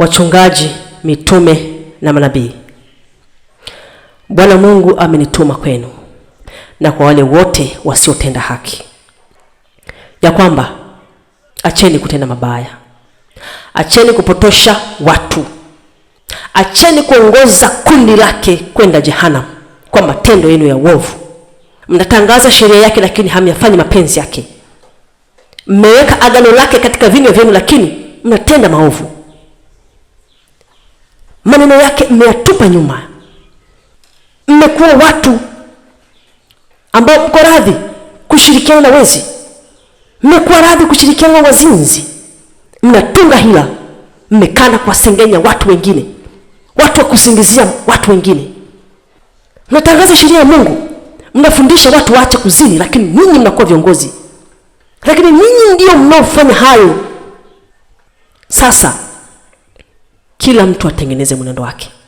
Wachungaji, mitume na manabii, Bwana Mungu amenituma kwenu na kwa wale wote wasiotenda haki, ya kwamba acheni kutenda mabaya, acheni kupotosha watu, acheni kuongoza kundi lake kwenda jehanamu kwa matendo yenu ya uovu. Mnatangaza sheria yake, lakini hamyafanyi mapenzi yake. Mmeweka agano lake katika vinywa vyenu, lakini mnatenda maovu maneno yake mmeyatupa nyuma. Mmekuwa watu ambao mko radhi kushirikiana na wezi, mmekuwa radhi kushirikiana na wazinzi, mnatunga hila, mmekana kuwasengenya watu wengine, watu wa kusingizia watu wengine. Mnatangaza sheria ya Mungu, mnafundisha watu waache kuzini, lakini ninyi mnakuwa viongozi, lakini ninyi ndio mnaofanya hayo. Sasa kila mtu atengeneze mwenendo wake.